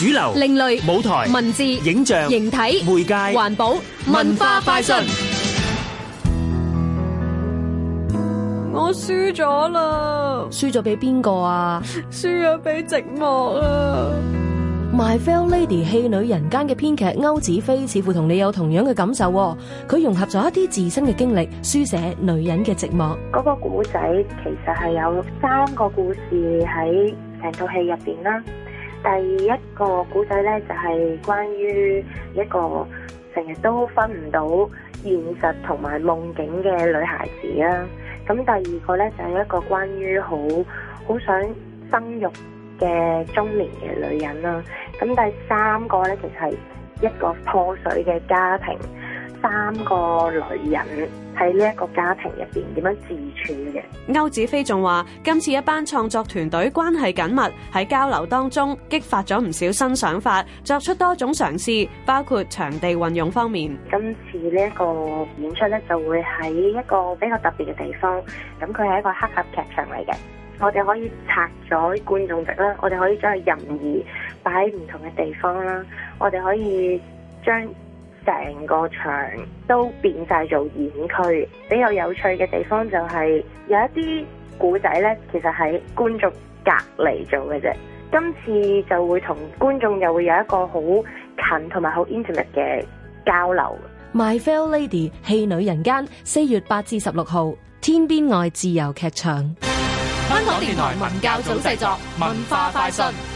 主流、另類、舞台、文字、影像、形體、媒介、環保、文化快訊。我輸咗啦！輸咗俾邊個啊？輸咗俾寂寞啊！My Fair Lady 戲女人間嘅編劇歐子飛似乎同你有同樣嘅感受，佢融合咗一啲自身嘅經歷，書寫女人嘅寂寞。嗰個故仔其實係有三個故事喺成套戲入邊啦。第一個古仔咧就係、是、關於一個成日都分唔到現實同埋夢境嘅女孩子啦。咁第二個咧就係、是、一個關於好好想生育嘅中年嘅女人啦。咁第三個咧其實係一個破碎嘅家庭。三個女人喺呢一個家庭入面點樣自處嘅？歐子飛仲話：今次一班創作團隊關係緊密，喺交流當中激發咗唔少新想法，作出多種嘗試，包括場地運用方面。今次呢個演出呢，就會喺一個比較特別嘅地方，咁佢係一個黑盒劇場嚟嘅。我哋可以拆咗觀眾席啦，我哋可以將佢任意擺喺唔同嘅地方啦，我哋可以將。成個場都變晒做演區，比較有趣嘅地方就係有一啲古仔呢，其實喺觀眾隔離做嘅啫。今次就會同觀眾又會有一個好近同埋好 intimate 嘅交流。My Fair Lady 戲女人間，四月八至十六號，天邊外自由劇場。香港電台文教組製作，文化快訊。